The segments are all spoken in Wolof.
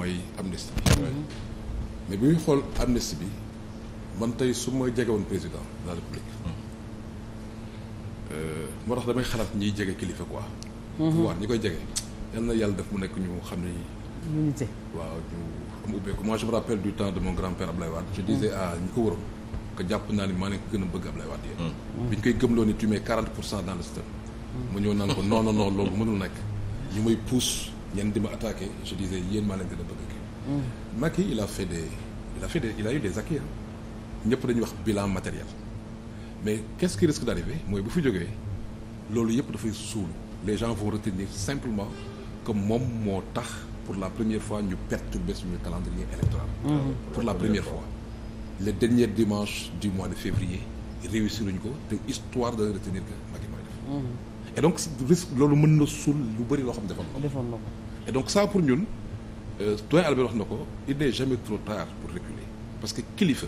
mooy amnistie bi. Mhm. mais bi ñuy xool amnistie bi man tey su ma jege président la république. Mhm. Euh, moo tax damay xalaat ñiy jege kilifa quoi. Mhm. pouvoir ñi koy jege yal na yàlla def mu nekk ñu xam ni. unité waaw ñu am ubbeeku moi je me rappelle du temps de mon grand-père Ablaye Wade. je disais ah ñu ko waroon que jàpp naa ni maa nekk gën a bëgg Ablaye Wade yéen. bi ñu koy gëmloo ni tu mets 40 pour cent dans le mu ñëw naan ko non non loolu mënul nekk ñu may pousse. ñenn di ma attaque je disais yéen maa leen gën a bëgg kii. Mm. Macky il a fait des il a fait des il a eu des acquis ñëpp dañuy wax bilan matériel mais qu'est-ce qui risque d'arriver mooy bu fi jógee loolu yëpp dafay suulu les gens vont retenir simplement que moom moo tax pour la première fois ñu perturber suñu calendrier électoral. Mmh. pour la première fois. le dernier dimanche du mois de février réussir luñu ko te histoire dana retenir que Macky mooy def. Mm-hmm. et si risque loolu mën na suul lu bëri loo xam defoon na ko et donc ça pour ñun euh, doyen Albert wax na ko il n'est jamais trop tard pour reculer parce que kilifa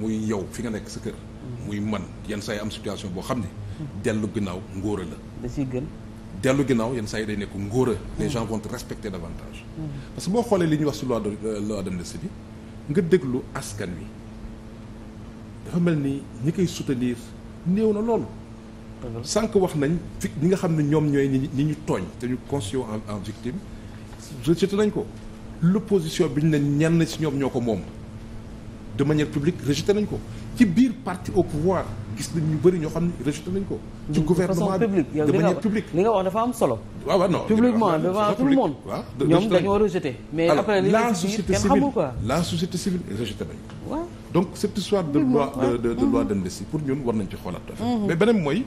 muy yow fi nga nekk sa kër mm. muy man yenn saa yi am situation boo xam ne mm. dellu ginnaaw ngóora la da ciy gën dellu ginnaaw yenn saa yi day nekk ngóora mm. les gens vont te respecter davantage parce que boo xoolee li ñuy wax si loi de euh, loi si bi nga déglu askan wi dafa mel ni ñi koy soutenir néew na loolu sànq wax nañ fi ñi nga xam ne ñoom ñooy ñi ñu tooñ te ñu conscient en victime rejeté nañ ko l'opposition bi ñu ne ñenn ci ñoom ñoo ko moom de manière publique rejeté nañ ko ci biir parti au pouvoir gis nañ ñu bëri ñoo xam ne rejeté nañ ko. ci gouvernement de manière li nga wax dafa am solo. waaw waaw non publiquement devant tout le monde. waaw ñoom dañoo rejeté. la société civile la société civile rejeté nañ ko. donc cette histoire de loi de de loi mm-hmm. d'amnistie pour ñun war mm-hmm. mooy.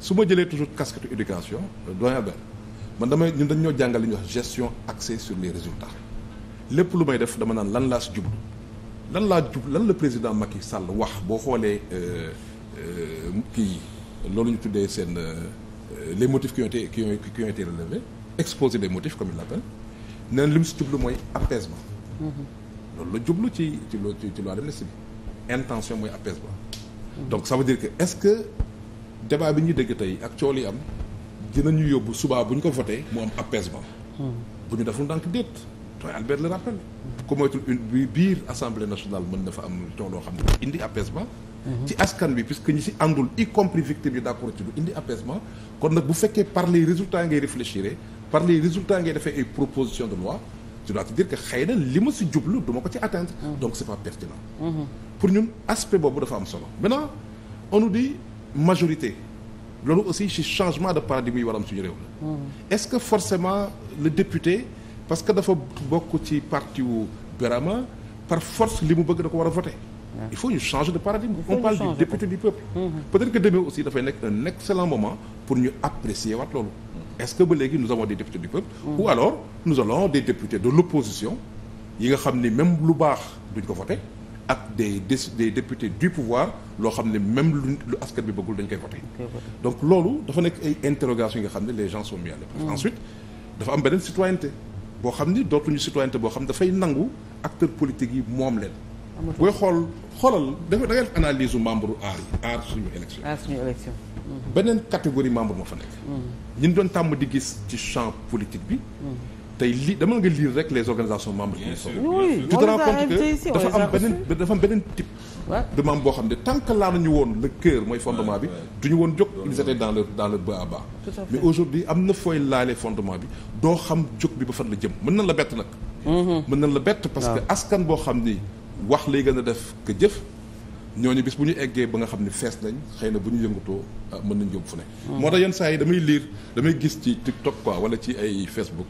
su ma jëlee toujours casquette éducation euh, doyen Abel man damay ñun dañ ñoo jàngal li wax gestion axée sur les résultats lépp lu may def dama naan lan laa si jublu lan laa jub lan la président Macky Sall wax boo xoolee euh, euh, kii loolu ñu tuddee seen les motifs qui ont été qui ont qui ont été relevés exposé des motifs comme il l'appelle nee na li mu si jublu mooy apaisement. Mm-hmm. loolu la jublu ci ci loo ci loi d'amnistie bi intention mooy apaisement. Mm-hmm. donc ça veut dire que est-ce que. débat bi ñuy dégg tey ak cool yi am ñu yóbbu subaa bu ñu ko voté mu am apaisement. Hmm. bu ñu deful ndànk déet tooy Albert le rappelle. ku moytul une bi biir assemblée nationale mën na fa am cooloo xam ne indi apaisement. Hmm. ci askan bi que ñu si àndul y compris victime yi d'accord ci lu indi apaisement kon nag bu fekkee par les résultats ngay réfléchir par les résultats ngay defee ay proposition de loi tu dois te dire que xëy li ma si jublu du ko ci atteindre hmm. donc c'est pas pour ñun aspect boobu dafa am solo majorité loolu aussi ci changement de paradigme yi war am suñu réew la hmm. est-ce que forcément le député parce que dafa bokk ci parti wu Birama par force li mu bëgg da ko war a voter il faut ñu changer de paradigme on parle du député du peuple hmm. peut-être que demain aussi dafay nekk un excellent moment pour ñu apprécier waat loolu hmm. est-ce que ba léegi nous avons des députés du peuple ou alors nous allons des députés de l'opposition yi nga xam ni même lu baax duñ ko voter ak des des députés du pouvoir loo xam ne même lu askan bi bëggul dañ koy voté donc loolu dafa nekk ay interrogations yi nga xam ne les gens sont mis à l'épreuve mmh. ensuite dafa am beneen citoyenneté boo xam ni dootuñu citoyenneté boo xam ne dafay nangu acteurs politiques yi moom leen booy xool xoolal dafa da ngay def analyse u membre aar yi aar suñu élection aar suñu mmh. beneen catégorie membre moo fa nekk mmh. ñun doon tàmm di gis ci champ politique bi tey li dama nga lire rek les organisations membres qui sont oui tu te dafa am beneen dafa am beneen type de membre boo xam ne tant laa na ñu woon le cœur mooy fondement bi du ñu woon jóg ils étaient dans le dans le bas à bas mais aujourd'hui am na fooy laalee fondement bi doo xam jóg bi ba fan la jëm mën nañ la bett nag mm-hmm. mën nañ la bett parce que ah. askan boo xam ni wax lay gën a def que jëf ñooñu bis bu ñu eggee ba nga xam ne fees nañ xëy na bu ñu yëngatoo ah, mën nañ jóg fu ne mm-hmm. moo tax yenn saa yi damay lire damay gis ci TikTok quoi wala ci ay Facebook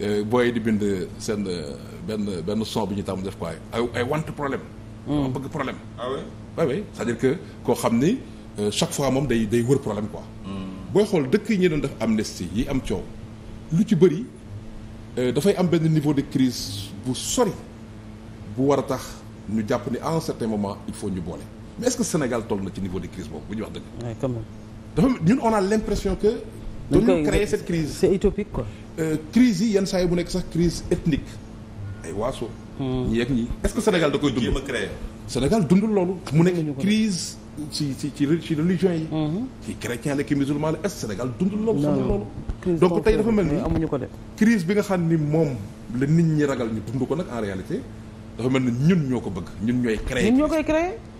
Euh, booy di bind seen euh, benn benn son bi ñu tàmm def quoi ay ay want problème. Hmm. dama bëgg problème. ah oui ah oui cest dire que koo xam ni euh, chaque fois moom day day wër problème quoi. Hmm. boo xool dëkk yi ñu doon def amnistie yi am coow lu ci bëri dafay am benn niveau de crise bu sori bu war a tax ñu jàpp ni à un certain moment il faut ñu boole mais est-ce que Sénégal toll na ci niveau de crise boobu bu ñu wax dëgg. dafa ñun on a l'impression que. dañu créer cette crise c'est utopique Euh, crise yi yenn saa yi mu nekk sax crise ethnique ay waaso. Hmm. ñi yeeg ñi est que Sénégal da koy dund. Sénégal dundul loolu. mu nekk crise ci ci ci ci religion yi. Hmm. ci chrétien la ki musulman la est-ce Sénégal dundul loolu. xamul loolu donc tey dafa mel ni amuñu ko de. crise bi nga xam ni moom la nit ñi ragal ñu dund ko nag en réalité dafa mel ni ñun ñoo ko bëgg ñun ñooy. créer ñun ñoo koy créer.